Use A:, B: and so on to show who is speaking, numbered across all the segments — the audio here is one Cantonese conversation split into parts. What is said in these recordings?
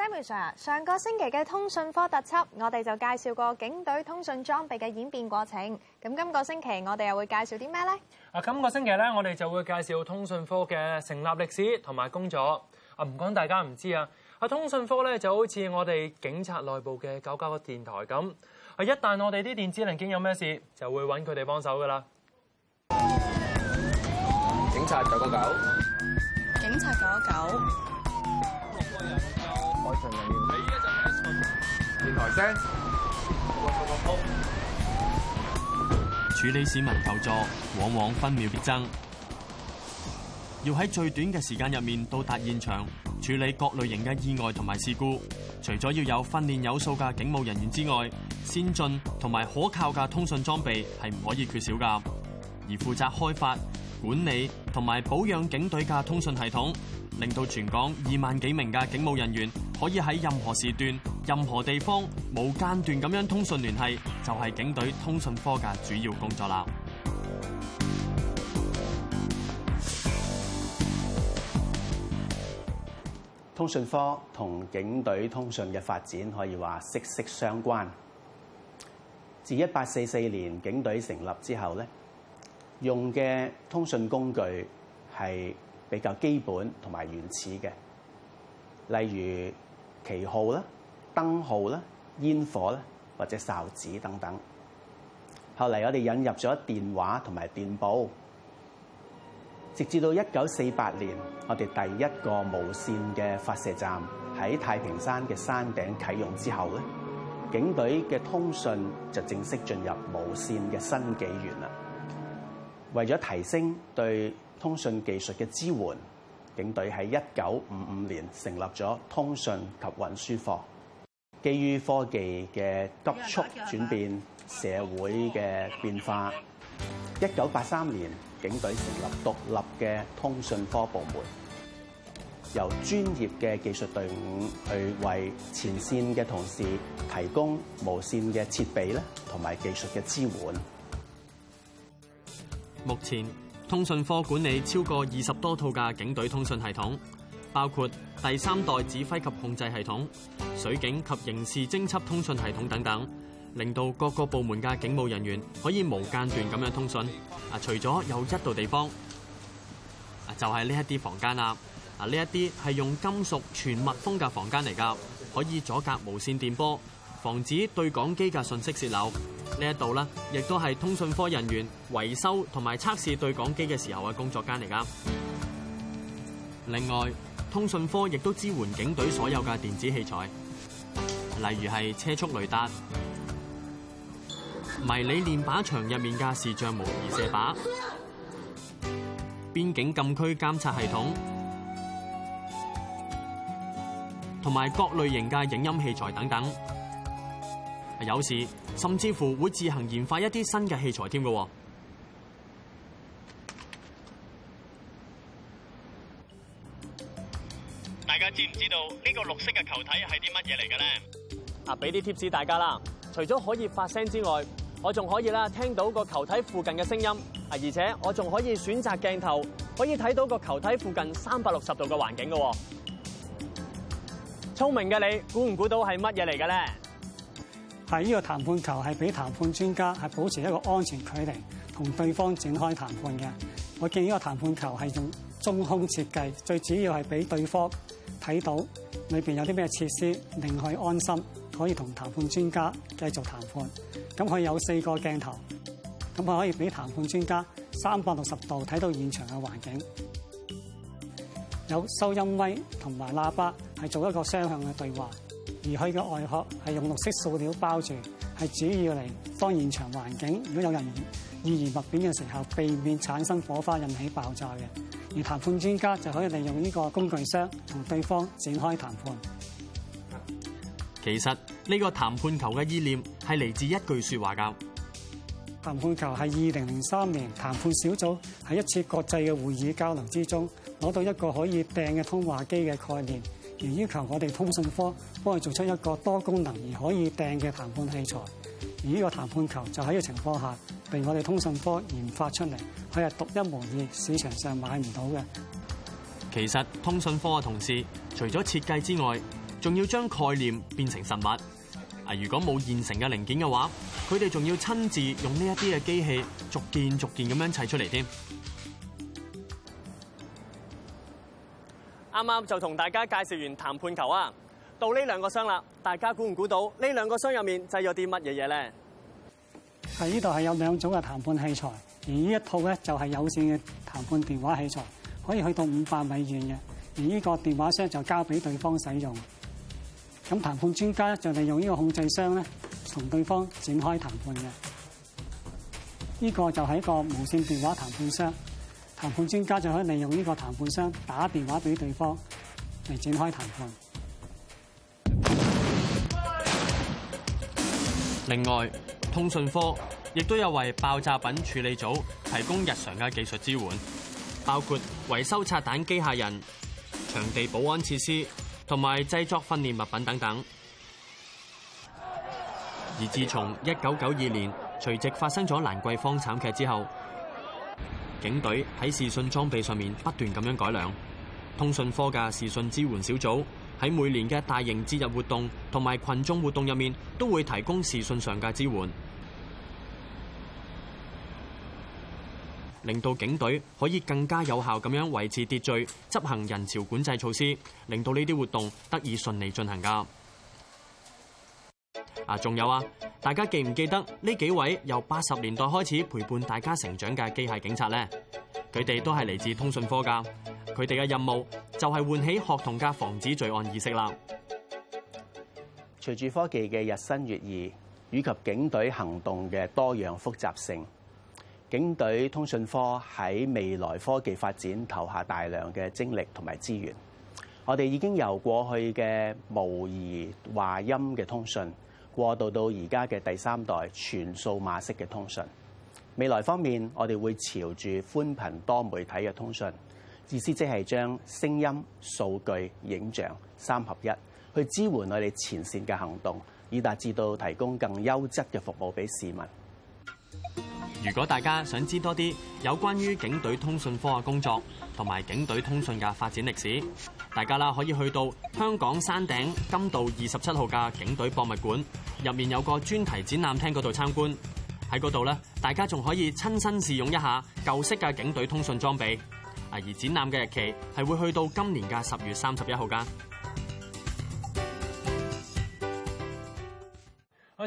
A: Samuel Sir, 上啊，上個星期嘅通訊科特輯，我哋就介紹過警隊通訊裝備嘅演變過程。咁今個星期我哋又會介紹啲咩咧？
B: 啊，今個星期咧，我哋就會介紹通訊科嘅成立歷史同埋工作。啊，唔講大家唔知啊。啊，通訊科咧就好似我哋警察內部嘅九九個電台咁。啊，一旦我哋啲電子零件有咩事，就會揾佢哋幫手噶啦。警
C: 察九九九。
D: 警察九九九。
A: 處理市民求助，往往分秒必爭，要喺最短嘅時間入面到達現場處理各類型嘅意外同埋事故。除咗要有訓練有素嘅警務人員之外，先進同埋可靠嘅通訊裝備係唔可以缺少噶。而負責開發、管理同埋保養警隊嘅通訊系統。令到全港二萬幾名嘅警務人員可以喺任何時段、任何地方冇間斷咁樣通訊聯繫，就係警隊通訊科嘅主要工作啦。
E: 通訊科同警隊通訊嘅發展可以話息息相關。自一八四四年警隊成立之後咧，用嘅通訊工具係。比較基本同埋原始嘅，例如旗號啦、燈號啦、煙火啦，或者哨子等等。後嚟我哋引入咗電話同埋電報，直至到一九四八年，我哋第一個無線嘅發射站喺太平山嘅山頂啟用之後咧，警隊嘅通訊就正式進入無線嘅新紀元啦。為咗提升對通訊技術嘅支援，警隊喺一九五五年成立咗通訊及運輸科。基於科技嘅急速轉變，社會嘅變化，一九八三年警隊成立獨立嘅通訊科部門，由專業嘅技術隊伍去為前線嘅同事提供無線嘅設備咧，同埋技術嘅支援。
A: 目前通訊科管理超過二十多套嘅警隊通訊系統，包括第三代指揮及控制系統、水警及刑事偵緝通訊系統等等，令到各個部門嘅警務人員可以無間斷咁樣通訊。啊，除咗有一度地方就係呢一啲房間啦。啊，呢一啲係用金屬全密封嘅房間嚟噶，可以阻隔無線電波。防止對講機嘅信息洩漏，呢一度呢，亦都係通訊科人員維修同埋測試對講機嘅時候嘅工作間嚟噶。另外，通訊科亦都支援警隊所有嘅電子器材，例如係車速雷達、迷你練靶場入面嘅視像模擬射靶、邊境禁區監察系統，同埋各類型嘅影音器材等等。有時甚至乎會自行研發一啲新嘅器材添嘅。大家知唔知道呢個綠色嘅球體係啲乜嘢嚟嘅咧？啊，俾啲貼士大家啦。除咗可以發聲之外，我仲可以啦，聽到個球體附近嘅聲音啊，而且我仲可以選擇鏡頭，可以睇到個球體附近三百六十度嘅環境嘅。聰明嘅你，估唔估到係乜嘢嚟嘅咧？
D: 係呢個談判球係俾談判專家係保持一個安全距離同對方展開談判嘅。我見呢個談判球係用中空設計，最主要係俾對方睇到裏邊有啲咩設施令佢安心，可以同談判專家繼續談判。咁佢有四個鏡頭，咁佢可以俾談判專家三百六十度睇到現場嘅環境。有收音威同埋喇叭係做一個雙向嘅對話。而佢嘅外殼係用綠色塑料包住，係主要嚟當現場環境如果有人員移物品嘅時候，避免產生火花引起爆炸嘅。而談判專家就可以利用呢個工具箱同對方展開談判。
A: 其實呢個談判球嘅意念係嚟自一句說話㗎。
D: 談判球係二零零三年談判小組喺一次國際嘅會議交流之中攞到一個可以掟嘅通話機嘅概念。而要求我哋通訊科幫佢做出一個多功能而可以掟嘅談判器材，而呢個談判球就喺呢個情況下，被我哋通訊科研發出嚟，佢係獨一無二，市場上買唔到嘅。
A: 其實通訊科嘅同事除咗設計之外，仲要將概念變成實物。啊，如果冇現成嘅零件嘅話，佢哋仲要親自用呢一啲嘅機器，逐件逐件咁樣砌出嚟添。啱啱就同大家介紹完談判球啊，到呢兩個箱啦，大家估唔估到呢兩個箱入面擠咗啲乜嘢嘢咧？
D: 喺呢度係有兩組嘅談判器材，而呢一套咧就係有線嘅談判電話器材，可以去到五百米遠嘅，而呢個電話箱就交俾對方使用。咁談判專家就係用呢個控制箱咧，同對方展開談判嘅。呢個就係一個無線電話談判箱。談判專家就可以利用呢個談判箱打電話俾對方嚟展開談判。
A: 另外，通訊科亦都有為爆炸品處理組提供日常嘅技術支援，包括維修拆彈機械人、場地保安設施同埋製作訓練物品等等。而自從一九九二年隨即發生咗蘭桂坊慘劇之後，警隊喺視訊裝備上面不斷咁樣改良，通訊科嘅視訊支援小組喺每年嘅大型節日活動同埋群眾活動入面都會提供視訊上嘅支援，令到警隊可以更加有效咁樣維持秩序、執行人潮管制措施，令到呢啲活動得以順利進行㗎。啊，仲有啊！大家記唔記得呢幾位由八十年代開始陪伴大家成長嘅機械警察呢？佢哋都係嚟自通訊科噶。佢哋嘅任務就係喚起學童嘅防止罪案意識啦。
E: 隨住科技嘅日新月異，以及警隊行動嘅多樣複雜性，警隊通訊科喺未來科技發展投下大量嘅精力同埋資源。我哋已經由過去嘅模擬話音嘅通訊。過渡到而家嘅第三代全數碼式嘅通訊，未來方面我哋會朝住寬頻多媒體嘅通訊，意思即係將聲音、數據、影像三合一，去支援我哋前線嘅行動，以達至到提供更優質嘅服務俾市民。
A: 如果大家想知多啲有關於警隊通訊科嘅工作，同埋警隊通訊嘅發展歷史，大家啦可以去到香港山頂金道二十七號嘅警隊博物館，入面有個專題展覽廳嗰度參觀。喺嗰度咧，大家仲可以親身試用一下舊式嘅警隊通訊裝備。啊，而展覽嘅日期係會去到今年嘅十月三十一號噶。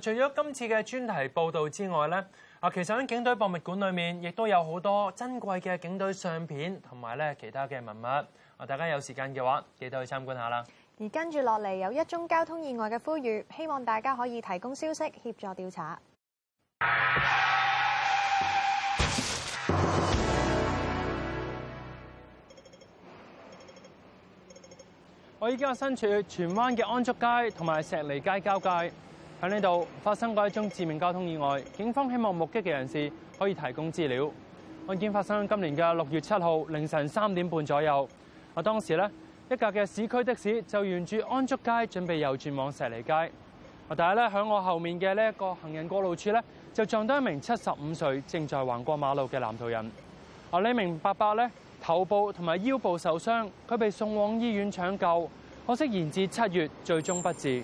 B: 除咗今次嘅專題報導之外咧，啊，其實喺警隊博物館裏面亦都有好多珍貴嘅警隊相片同埋咧，其他嘅文物。啊，大家有時間嘅話，記得去參觀下啦。
C: 而跟住落嚟有一宗
A: 交通意外嘅呼籲，希望大家可以提供消息協助調查。
B: 我依家身處荃灣嘅安竹街同埋石梨街交界。喺呢度發生過一宗致命交通意外，警方希望目擊嘅人士可以提供資料。案件發生喺今年嘅六月七號凌晨三點半左右。啊，當時呢一架嘅市區的士就沿住安竹街準備右轉往石梨街。但係呢喺我後面嘅呢一個行人過路處呢就撞到一名七十五歲正在橫過馬路嘅男途人。啊，呢名伯伯呢，頭部同埋腰部受傷，佢被送往醫院搶救，可惜延至七月最終不治。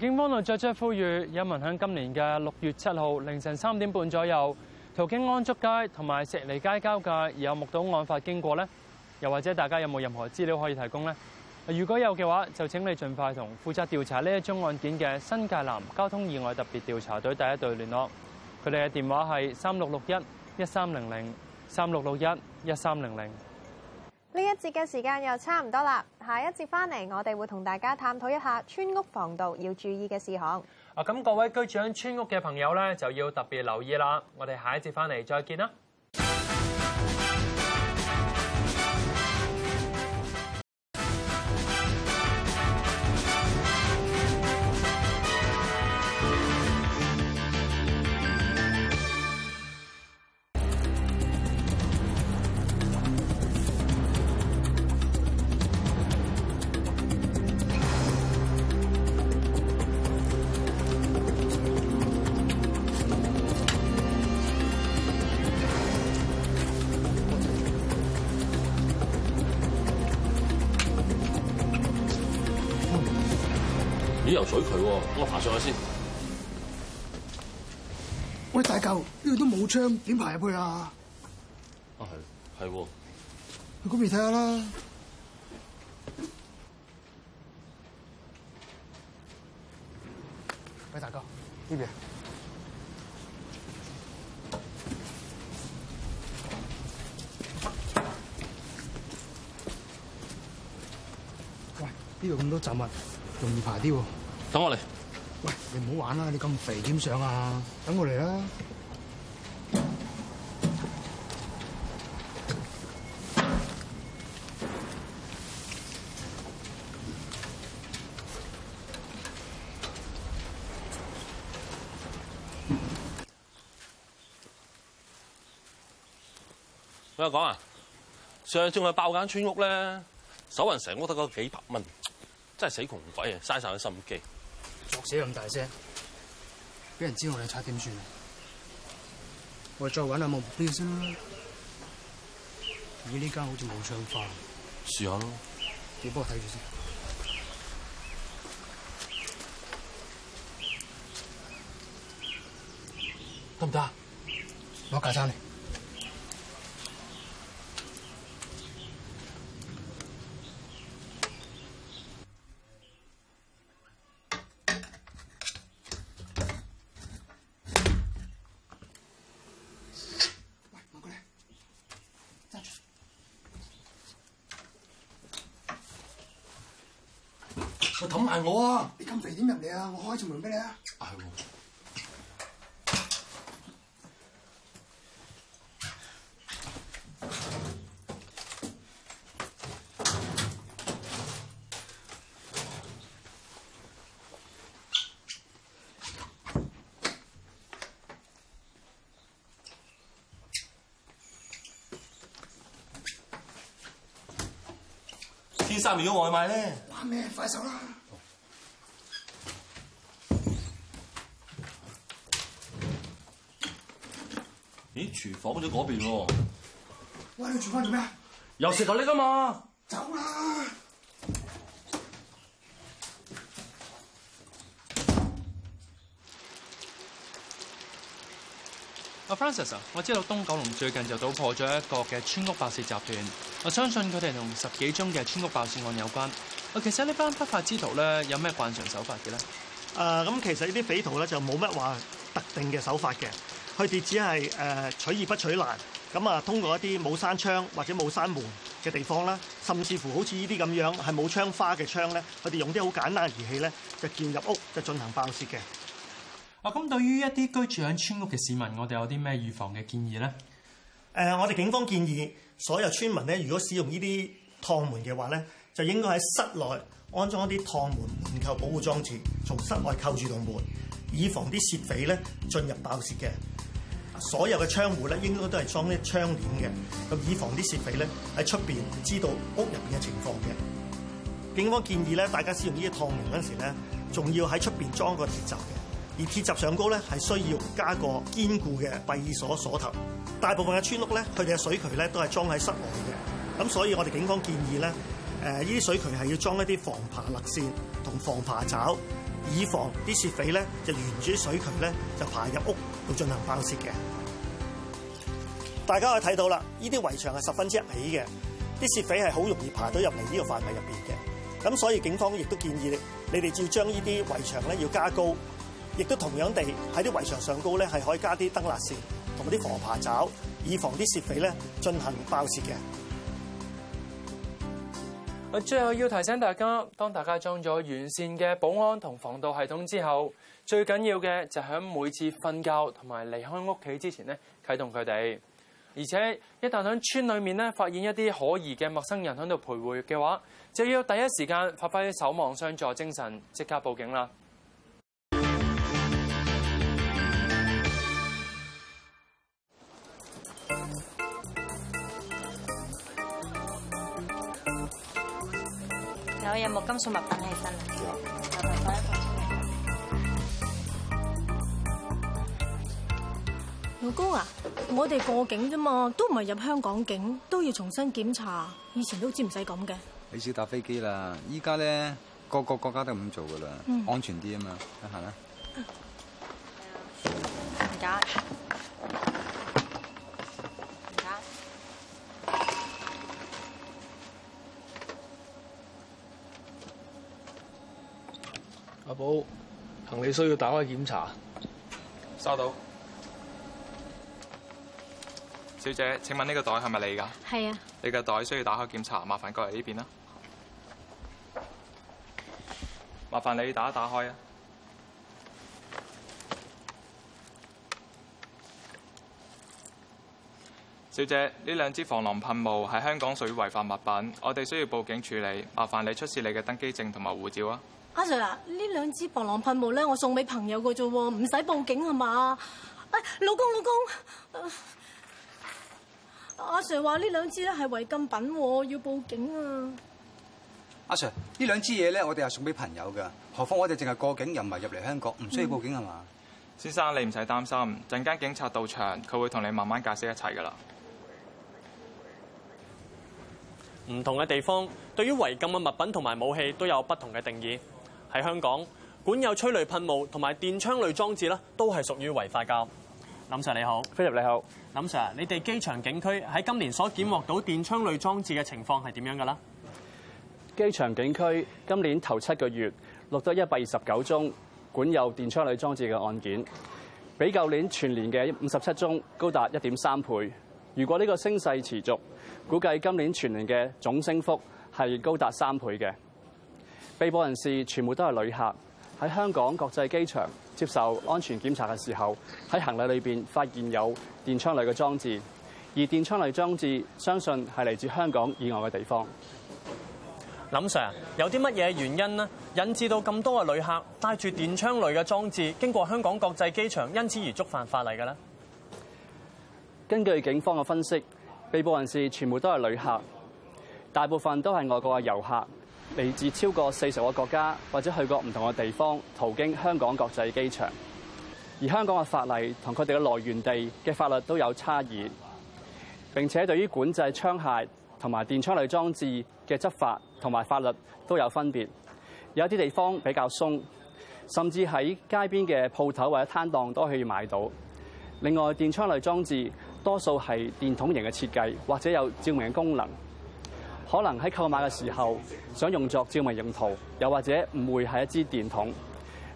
B: 警方又再出呼籲，有民喺今年嘅六月七號凌晨三點半左右途經安竹街同埋石梨街交界，而有目睹案發經過呢，又或者大家有冇任何資料可以提供呢？如果有嘅話，就請你盡快同負責調查呢一宗案件嘅新界南交通意外特別調查隊第一隊聯絡。佢哋嘅電話係三六六一一三零零三六六一一三零零。
A: 呢一節嘅時間又差唔多啦，下一節翻嚟，我哋會同大家探討一下村屋防盜要注意嘅事項。
B: 啊，咁各位居住喺村屋嘅朋友咧，就要特別留意啦。我哋下一節翻嚟再見啦。
F: 遊水
D: 佢，我先爬上去先。喂，大嚿，呢度都冇窗，點爬入去啊？
F: 啊係
B: 係，
D: 去嗰邊睇下啦。
B: 喂，大哥，呢邊。喂，呢度咁多雜物，容易爬啲。等我嚟。啊、我來，喂，你唔好玩啦！你咁肥點上啊？
C: 等我嚟啦。
B: 我又講啊！上次咪爆間村屋咧，搜人成屋得嗰幾百蚊，真係死窮鬼啊！嘥晒我心機。
D: 學死咁大聲，俾人知我哋拆點算？我哋再搵下目，的目標先啦。咦，呢間好似冇窗花，試下咯。你幫我睇住先。
B: 得唔得？攞架撐嚟。我啊，你咁肥點入嚟啊？我開條門俾你啊。係喎。天
C: 生如果外賣咧，
D: 玩咩快手啦？
B: 廚房喺咗嗰邊喎。
D: 喂，
F: 你廚房做咩
B: 啊？又食咗啲㗎嘛？
F: 走啦！
B: 阿 Francis，我知道東九龍最近就搗破咗一個嘅村屋爆竊集團，我相信佢哋同十幾宗嘅村屋爆竊案有關。我其實呢班不法之徒咧有咩慣常手法嘅咧？
C: 誒，咁其實呢啲匪徒咧就冇乜話特定嘅手法嘅。佢哋只係誒取易不取難，咁啊通過一啲冇閂窗或者冇閂門嘅地方啦，甚至乎好似呢啲咁樣係冇窗花嘅窗咧，佢哋用啲好簡單嘅儀器咧，就叫入屋就進行爆竊嘅。
B: 啊，咁對於一啲居
C: 住喺村屋嘅市民，我哋有啲咩預防嘅建議咧？誒、呃，我哋警方建議所有村民咧，如果使用呢啲趟門嘅話咧，就應該喺室內安裝一啲趟門門扣保護裝置，從室外扣住道門，以防啲竊匪咧進入爆竊嘅。所有嘅窗戶咧，應該都係裝啲窗簾嘅，就以防啲竊匪咧喺出邊知道屋入面嘅情況嘅。警方建議咧，大家使用呢啲趟門嗰陣時咧，仲要喺出邊裝個鐵閘嘅。而鐵閘上高咧，係需要加個堅固嘅閉鎖鎖頭。大部分嘅村屋咧，佢哋嘅水渠咧都係裝喺室外嘅。咁所以，我哋警方建議咧，誒呢啲水渠係要裝一啲防爬勒線同防爬爪。以防啲竊匪咧就沿住啲水渠咧就爬入屋去進行爆竊嘅。大家可以睇到啦，呢啲圍牆係十分之矮嘅，啲竊匪係好容易爬到入嚟呢個範圍入邊嘅。咁所以警方亦都建議你哋要將呢啲圍牆咧要加高，亦都同樣地喺啲圍牆上高咧係可以加啲燈立線同埋啲防爬爪，以防啲竊匪咧進行爆竊嘅。
B: 最後要提醒大家，當大家裝咗完善嘅保安同防盜系統之後，最緊要嘅就喺每次瞓覺同埋離開屋企之前咧啟動佢哋。而且一旦喺村裏面咧發現一啲可疑嘅陌生人喺度徘徊嘅話，就要第一時間發揮守望相助精神，即刻報警啦。我有冇金屬物品喺
D: 身
C: 啦。老公啊，我哋過境啫嘛，都唔係入香港境，都要重新檢查。以前都知唔使咁嘅。
B: 你少搭飛機啦，依家咧個個國家都咁做噶啦，安全啲啊嘛。得閒啦。係啊，好，行李需要打開檢查，收到。小姐，請問呢個袋係咪你噶？係啊。你嘅袋需要打開檢查，麻煩過嚟呢邊啦。麻煩你打一打開啊。小姐，呢兩支防狼噴霧喺香港屬於違法物品，我哋需要報警處理，麻煩你出示你嘅登機證同埋護
C: 照啊。阿 Sir 啊，呢兩支防狼噴霧咧，我送俾朋友嘅啫，唔使報警係嘛？哎，老公，老公，啊、阿 Sir 話呢兩支咧係違禁品，要報警啊！
D: 阿 Sir，呢兩支嘢咧，我哋係送俾朋友噶，何況我哋淨係過境，又唔係入嚟香港，唔需要報警係嘛、
B: 嗯？先生，你唔使擔心，陣間警察到場，佢會同你慢慢解釋一齊噶啦。
A: 唔同嘅地方，對於違禁嘅物品同埋武器都有不同嘅定義。喺香港管有催淚噴霧同埋電槍類裝置呢都係屬於違法㗎。林 Sir 你好，Philip 你好，林 Sir，你哋機場警區喺今年所檢獲到電槍類裝置嘅情況係點樣噶啦？
F: 機場警區今年頭七個月錄得一百二十九宗管有電槍類裝置嘅案件，比舊年全年嘅五十七宗高達一點三倍。如果呢個升勢持續，估計今年全年嘅總升幅係高達三倍嘅。被捕人士全部都係旅客，喺香港國際機場接受安全檢查嘅時候，喺行李裏面發現有電槍類嘅裝置，而電槍類裝置相信係嚟自香港以外嘅地方。
A: 林 Sir，有啲乜嘢原因呢，引致到咁多嘅旅客帶住電槍類嘅裝置經過香港國際機場，因此而觸犯法例嘅呢？
F: 根據警方嘅分析，被捕人士全部都係旅客，大部分都係外國嘅遊客。嚟自超過四十個國家，或者去過唔同嘅地方，途經香港國際機場。而香港嘅法例同佢哋嘅來源地嘅法律都有差異。並且對於管制槍械同埋電槍類裝置嘅執法同埋法律都有分別。有啲地方比較鬆，甚至喺街邊嘅鋪頭或者攤檔都可以買到。另外，電槍類裝置多數係電筒型嘅設計，或者有照明的功能。可能喺購買嘅時候想用作照明用途，又或者誤會係一支電筒。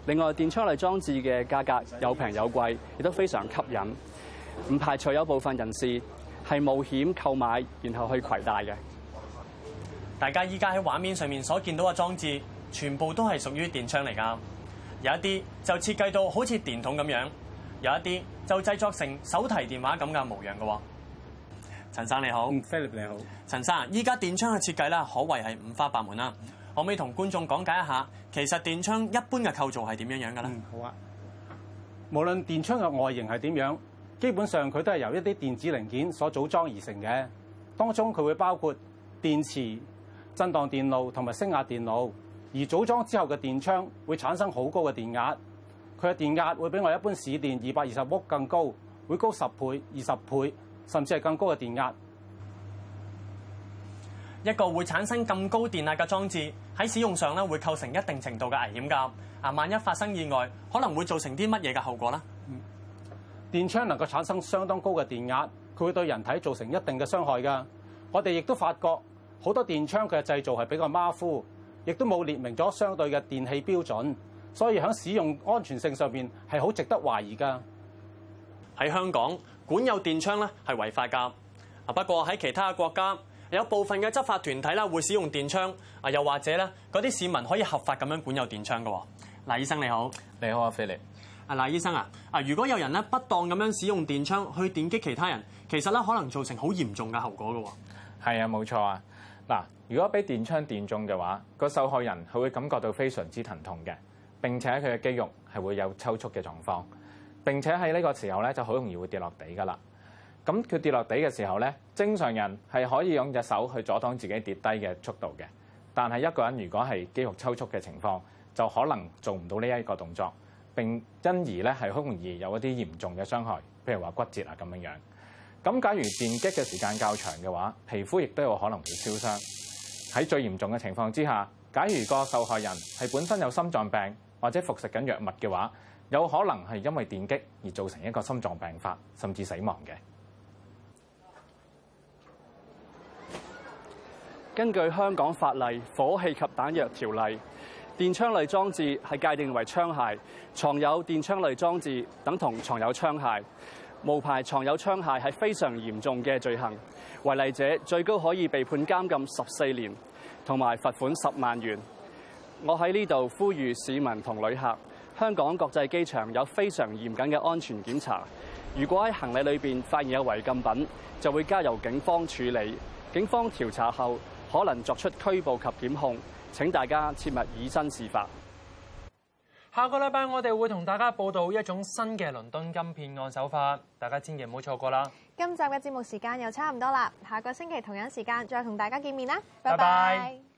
F: 另外，電槍類裝置嘅價格有平有貴，亦都非常吸引。唔排除有部分人士係冒險購買，然後去攜帶嘅。
A: 大家依家喺畫面上面所見到嘅裝置，全部都係屬於電槍嚟噶。有一啲就設計到好似電筒咁樣，有一啲就製作成手提電話咁嘅模樣嘅喎。陳生你好，Philip 你好。陳生，依家電槍嘅設計咧，可謂係五花八門啦。可唔可以同觀眾講解一下，其實電槍一般嘅構造係點樣樣嘅咧？嗯，好啊。
E: 無論電槍嘅外形係點樣，基本上佢都係由一啲電子零件所組裝而成嘅。當中佢會包括電池、震盪電路同埋升壓電路。而組裝之後嘅電槍會產生好高嘅電壓，佢嘅電壓會比我一般市電二百二十伏更高，會高十倍、二十倍。甚至係更高嘅電壓，
A: 一個會產生咁高電壓嘅裝置喺使用上咧，會構成一定程度嘅危險㗎。啊，萬一發生意外，可能會造成啲乜嘢嘅後果呢？
E: 電槍能夠產生相當高嘅電壓，佢會對人體造成一定嘅傷害㗎。我哋亦都發覺好多電槍佢嘅製造係比較馬虎，亦都冇列明咗相對嘅電器標準，所以喺使用安全性上面係好值得懷疑㗎。喺香港，管有電槍咧係違法㗎。啊，不
A: 過喺其他嘅國家，有部分嘅執法團體啦會使用電槍。啊又或者咧，嗰啲市民可以合法咁樣管有電槍㗎。嗱，醫生你好。你好啊，菲力。啊，賴醫生啊，啊如果有人咧，不當咁樣使用電槍去電擊其他人，其實咧可能造成好嚴重嘅後果㗎。
F: 係啊，冇錯啊。嗱，如果俾電槍電中嘅話，個受害人佢會感覺到非常之疼痛嘅，並且佢嘅肌肉係會有抽搐嘅狀況。並且喺呢個時候咧，就好容易會跌落地㗎啦。咁佢跌落地嘅時候咧，正常人係可以用隻手去阻擋自己跌低嘅速度嘅。但係一個人如果係肌肉抽搐嘅情況，就可能做唔到呢一個動作，並因而咧係好容易有一啲嚴重嘅傷害，譬如話骨折啊咁樣樣。咁假如電擊嘅時間較長嘅話，皮膚亦都有可能會燒傷。喺最嚴重嘅情況之下，假如個受害人係本身有心臟病或者服食緊藥物嘅話，有可能係因為電擊而造成一個心臟病發，甚至死亡嘅。根據香港法例《火器及彈藥條例》，電槍類裝置係界定為槍械，藏有電槍類裝置等同藏有槍械。無牌藏有槍械係非常嚴重嘅罪行，違例者最高可以被判監禁十四年，同埋罰款十萬元。我喺呢度呼籲市民同旅客。香港國際機場有非常嚴謹嘅安全檢查，如果喺行李裏面發現有違禁品，就會交由警方處理。警方調查後，可能作出拘捕及檢控。請大家切勿以身試法。
B: 下個禮拜我哋會同大家報道一種新嘅倫敦金騙案手法，大家千祈唔好錯過啦！
A: 今集嘅節目時間又差唔多啦，下個星期同樣時間再同大家見面啦，拜拜。拜
D: 拜。